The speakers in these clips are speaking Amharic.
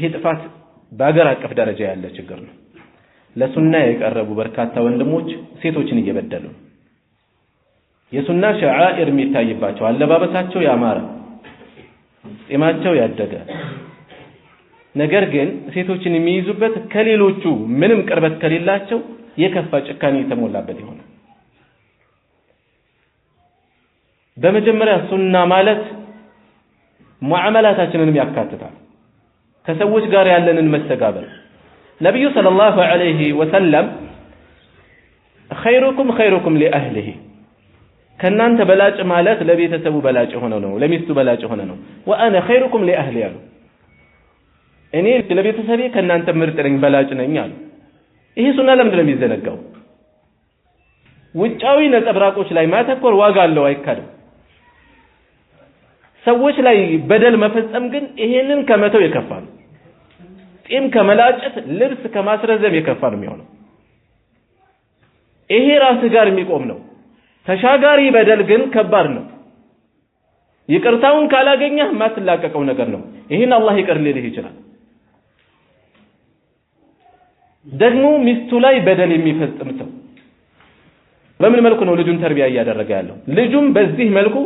ይህ ጥፋት በአገር አቀፍ ደረጃ ያለ ችግር ነው። ለሱና የቀረቡ በርካታ ወንድሞች ሴቶችን እየበደሉ ነው። የሱና ሸዓኢር የሚታይባቸው አለባበሳቸው ያማረ፣ ጺማቸው ያደገ፣ ነገር ግን ሴቶችን የሚይዙበት ከሌሎቹ ምንም ቅርበት ከሌላቸው የከፋ ጭካኔ የተሞላበት ይሆናል። በመጀመሪያ ሱና ማለት ሙዓመላታችንንም ያካትታል። ከሰዎች ጋር ያለንን መስተጋበር ነቢዩ ሰለላሁ ዐለይሂ ወሰለም ኸይሩኩም ኸይሩኩም ሊአህሊሂ ከእናንተ በላጭ ማለት ለቤተሰቡ በላጭ የሆነ ነው፣ ለሚስቱ በላጭ የሆነ ነው። ወአነ ኸይሩኩም ሊአህሊ አሉ። እኔ ለቤተሰቤ ከእናንተ ምርጥ ነኝ፣ በላጭ ነኝ አሉ። ይሄ ሱና ለምንድን ነው የሚዘነጋው? ውጫዊ ነጸብራቆች ላይ ማተኮር ዋጋ አለው፣ አይካድም። ሰዎች ላይ በደል መፈጸም ግን ይሄንን ከመተው የከፋ ነው። ጢም ከመላጨት ልብስ ከማስረዘም የከፋ ነው የሚሆነው። ይሄ ራስ ጋር የሚቆም ነው። ተሻጋሪ በደል ግን ከባድ ነው። ይቅርታውን ካላገኘህ የማትላቀቀው ነገር ነው። ይህን አላህ ይቅር ሊልህ ይችላል። ደግሞ ሚስቱ ላይ በደል የሚፈጽም ሰው በምን መልኩ ነው ልጁን ተርቢያ እያደረገ ያለው? ልጁም በዚህ መልኩ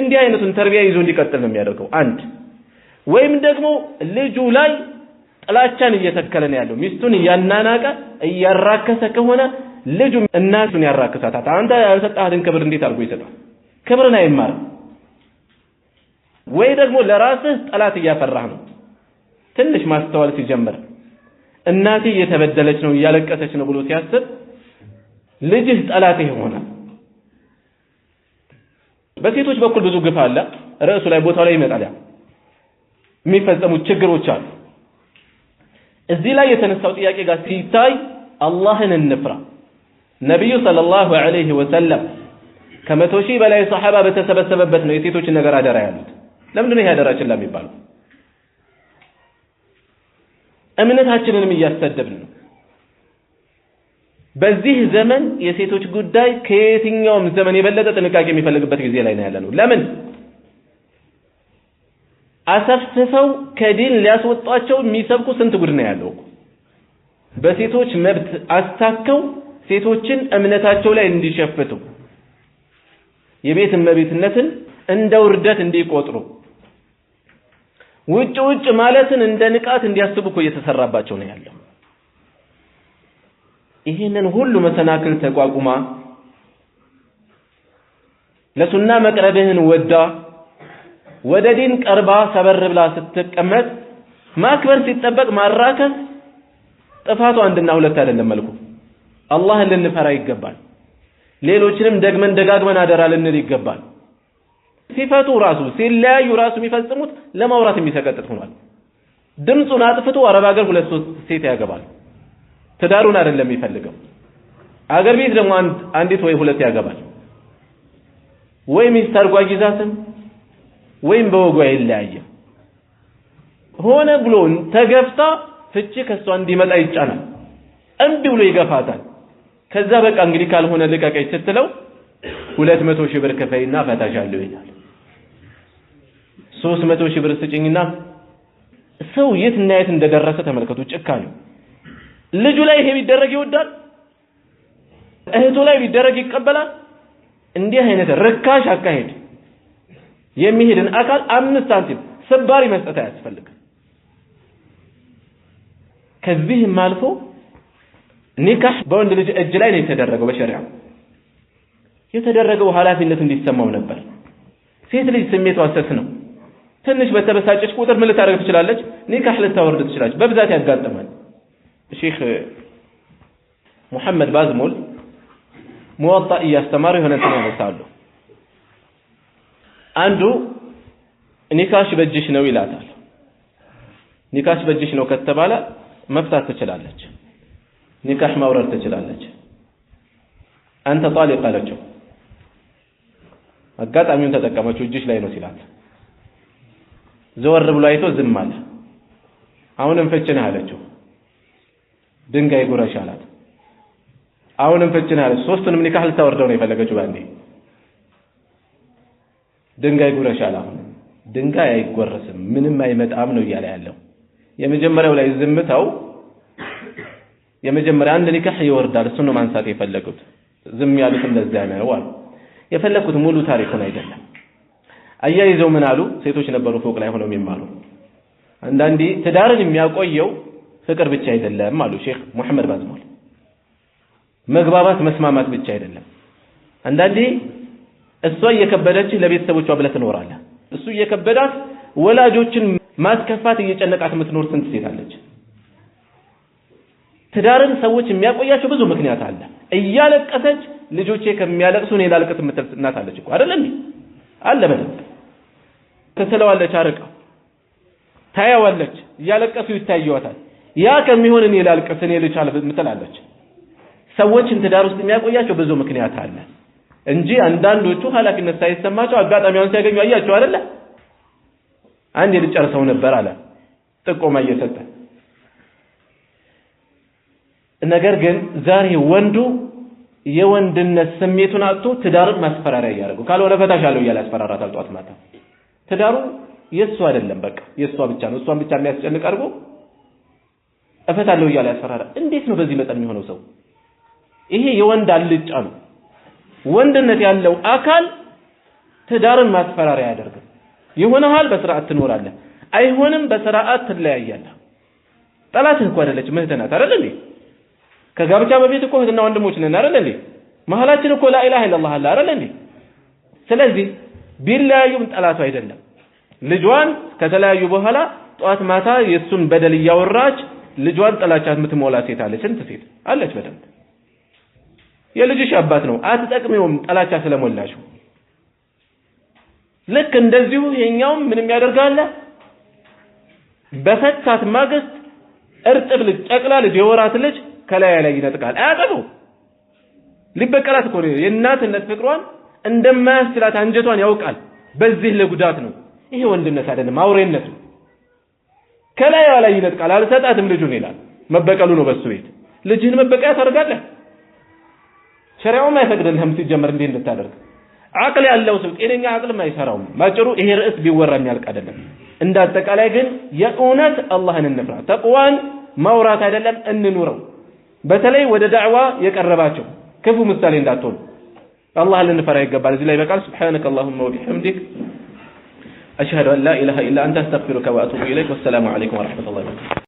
እንዲህ አይነቱን ተርቢያ ይዞ እንዲቀጥል ነው የሚያደርገው። አንድ ወይም ደግሞ ልጁ ላይ ጥላቻን እየተከለን ያለው። ሚስቱን እያናናቀ እያራከሰ ከሆነ ልጁ እናቱን ያራክሳታል። አንተ ያልሰጣህን ክብር እንዴት አድርጎ ይሰጣል? ክብርን አይማርም። ወይ ደግሞ ለራስህ ጠላት እያፈራህ ነው። ትንሽ ማስተዋል ሲጀምር እናቴ እየተበደለች ነው እያለቀሰች ነው ብሎ ሲያስብ ልጅህ ጠላትህ ይሆናል። በሴቶች በኩል ብዙ ግፍ አለ። ርዕሱ ላይ ቦታው ላይ ይመጣል። ያ የሚፈጸሙት ችግሮች አሉ። እዚህ ላይ የተነሳው ጥያቄ ጋር ሲታይ አላህን እንፍራ። ነቢዩ ሰለላሁ ዐለይሂ ወሰለም ከመቶ ሺህ በላይ ሰሐባ በተሰበሰበበት ነው የሴቶችን ነገር አደራ ያሉት። ለምንድነው ይሄ አደራችን ለሚባለው እምነታችንንም እያሰደብን ነው። በዚህ ዘመን የሴቶች ጉዳይ ከየትኛውም ዘመን የበለጠ ጥንቃቄ የሚፈልግበት ጊዜ ላይ ነው ያለነው። ለምን አሰፍስፈው ከዲን ሊያስወጧቸው የሚሰብኩ ስንት ጉድ ነው ያለው። በሴቶች መብት አስታከው ሴቶችን እምነታቸው ላይ እንዲሸፍቱ የቤት እመቤትነትን እንደ ውርደት እንዲቆጥሩ ውጭ ውጭ ማለትን እንደ ንቃት እንዲያስቡ እኮ እየተሰራባቸው ነው ያለው። ይህንን ሁሉ መሰናክል ተቋቁማ ለሱና መቅረብህን ወዳ ወደ ዲን ቀርባ ሰበር ብላ ስትቀመጥ ማክበር ሲጠበቅ ማራከስ ጥፋቱ አንድና ሁለት አይደለም መልኩ አላህን ልንፈራ ይገባል ሌሎችንም ደግመን ደጋግመን አደራ ልንል ይገባል ሲፈቱ ራሱ ሲለያዩ ራሱ የሚፈጽሙት ለማውራት የሚሰቀጥጥ ሆኗል ድምፁን አጥፍቶ አረብ ሀገር ሁለት ሶስት ሴት ያገባል ትዳሩን አይደለም የሚፈልገው አገር ቤት ደግሞ አንዲት ወይ ሁለት ያገባል ወይ ሚስት አርጓጊ ወይም በወጉ አይለያይም። ሆነ ብሎ ተገፍታ ፍቺ ከሷ እንዲመጣ ይጫናል። እምቢ ብሎ ይገፋታል። ከዛ በቃ እንግዲህ ካልሆነ ልቀቀኝ ስትለው ሁለት መቶ ሺህ ብር ክፈይና ፈታሻለሁ ይላል። ሶስት መቶ ሺህ ብር ስጭኝና ሰው የት እና የት እንደደረሰ ተመልከቱ። ጭካ ነው። ልጁ ላይ ይሄ ቢደረግ ይወዳል፣ እህቱ ላይ ቢደረግ ይቀበላል። እንዲህ አይነት ርካሽ አካሄድ የሚሄድን አካል አምስት ሳንቲም ስባሪ መስጠት አያስፈልግም። ከዚህም አልፎ ኒካህ በወንድ ልጅ እጅ ላይ ነው የተደረገው። በሸሪያ የተደረገው ኃላፊነት እንዲሰማው ነበር። ሴት ልጅ ስሜት ስስ ነው። ትንሽ በተበሳጨች ቁጥር ምን ልታደርግ ትችላለች? ኒካህ ልታወርድ ትችላለች። በብዛት ያጋጥማል። ሼክ ሙሐመድ ባዝሙል ሙወጣ እያስተማሩ የሆነ እንትን ያነሳሉ። አንዱ ኒካሽ በእጅሽ ነው ይላታል። ኒካሽ በእጅሽ ነው ከተባለ መፍታት ትችላለች። ኒካሽ ማውረድ ትችላለች። አንተ ጣሊቅ አለችው። አጋጣሚውን ተጠቀመችው። እጅሽ ላይ ነው ሲላት ዘወር ብሎ አይቶ ዝም አለ። አሁንም ፍች ነህ አለችው። ድንጋይ ጉረሽ አላት። አሁንም ፍች አለች። ሶስቱንም ኒካህ ልታወርደው ነው የፈለገችው ባንዴ ድንጋይ ጉረሻል። አሁን ድንጋይ አይጎረስም፣ ምንም አይመጣም ነው እያለ ያለው። የመጀመሪያው ላይ ዝምታው የመጀመሪያ አንድ ኒካህ ይወርዳል። እሱን ነው ማንሳት የፈለጉት። ዝም ያሉት እንደዚያ ነው አሉ። የፈለኩት ሙሉ ታሪኩን አይደለም። አያይዘው ምን አሉ? ሴቶች ነበሩ ፎቅ ላይ ሆነው የሚማሩ። አንዳንዴ ትዳርን የሚያቆየው ፍቅር ብቻ አይደለም አሉ ሼክ ሙሐመድ ባዝሙል። መግባባት መስማማት ብቻ አይደለም። አንዳንዴ እሷ እየከበደች ለቤተሰቦቿ ብለህ ትኖራለህ። እሱ እየከበዳት ወላጆችን ማስከፋት እየጨነቃት የምትኖር ስንት ሴት አለች። ትዳርን ሰዎች የሚያቆያቸው ብዙ ምክንያት አለ። እያለቀሰች ልጆቼ ከሚያለቅሱ እኔ ላልቅስ የምትል እናት አለች እኮ አይደል እንዴ? አለ በደንብ ትስለዋለች፣ አርቃ ታያዋለች፣ እያለቀሱ ይታየዋታል። ያ ከሚሆን እኔ ላልቅስ እኔ ልቻል የምትል ሰዎችን ትዳር ውስጥ የሚያቆያቸው ብዙ ምክንያት አለ። እንጂ አንዳንዶቹ ኃላፊነት ሳይሰማቸው አጋጣሚውን ሲያገኙ አያቸው አይደለ አንድ ሰው ነበር አለ ጥቆማ እየሰጠ ነገር ግን ዛሬ ወንዱ የወንድነት ስሜቱን አጥቶ ትዳርን ማስፈራሪያ እያደረገው ካልሆነ ፈታሽ አለው እያለ ያስፈራራታል ጧት ማታ ትዳሩ የእሱ አይደለም በቃ የእሷ ብቻ ነው እሷን ብቻ የሚያስጨንቅ አድርጎ እፈታለሁ እያለ ያስፈራራ እንዴት ነው በዚህ መጠን የሚሆነው ሰው ይሄ የወንድ አልጫ ነው ወንድነት ያለው አካል ትዳርን ማስፈራሪያ አያደርግም። ይሆንሃል፣ በስርዓት ትኖራለህ፣ አይሆንም፣ በስርዓት ትለያያለህ። ጠላትህ እኮ አይደለች እህትህ ናት አይደል እንዴ? ከጋብቻ በፊት እኮ እህትና ወንድሞች ነን አይደል እንዴ? መሀላችን እኮ ላኢላሃ ኢለላህ አለ አይደል እንዴ? ስለዚህ ቢለያዩም ጠላቱ አይደለም። ልጇን ከተለያዩ በኋላ ጠዋት ማታ የእሱን በደል እያወራች ልጇን ጥላቻት የምትሞላ ሴት አለች። ስንት ሴት አለች በደንብ የልጅሽ አባት ነው፣ አትጠቅሚውም ጠላቻ ስለሞላሽው። ልክ እንደዚሁ የኛውም ምንም ያደርጋለ በፈታት ማግስት እርጥብ ልጅ፣ ጨቅላ ልጅ፣ የወራት ልጅ ከላይ ላይ ይነጥቃል። አያጠበው ሊበቀላት እኮ ነው። የእናትነት ፍቅሯን እንደማያስችላት አንጀቷን ያውቃል። በዚህ ለጉዳት ነው። ይሄ ወንድነት አይደለም፣ አውሬነት ነው። ከላይዋ ላይ ይነጥቃል። አልሰጣትም ልጁን ይላል። መበቀሉ ነው በሱ ቤት። ልጅህን መበቀያ ታደርጋለህ። ሸሪያውም አይፈቅድልህም ሲጀመር እንዲህ እንድታደርግ አቅል ያለው ሰው ጤነኛ አቅልም አይሰራውም ማጭሩ ይሄ ርዕስ ቢወራ የሚያልቅ አይደለም እንደ አጠቃላይ ግን የእውነት አላህን እንፍራ ተቅዋን ማውራት አይደለም እንኑረው በተለይ ወደ ዳዕዋ የቀረባቸው ክፉ ምሳሌ እንዳትሆኑ አላህ ልንፈራ ይገባል እዚህ ላይ በቃል ስብሓነከ አላሁመ ወቢሐምዲክ أشهد أن لا إله إلا أنت أستغفرك وأتوب إليك والسلام عليكم ورحمة الله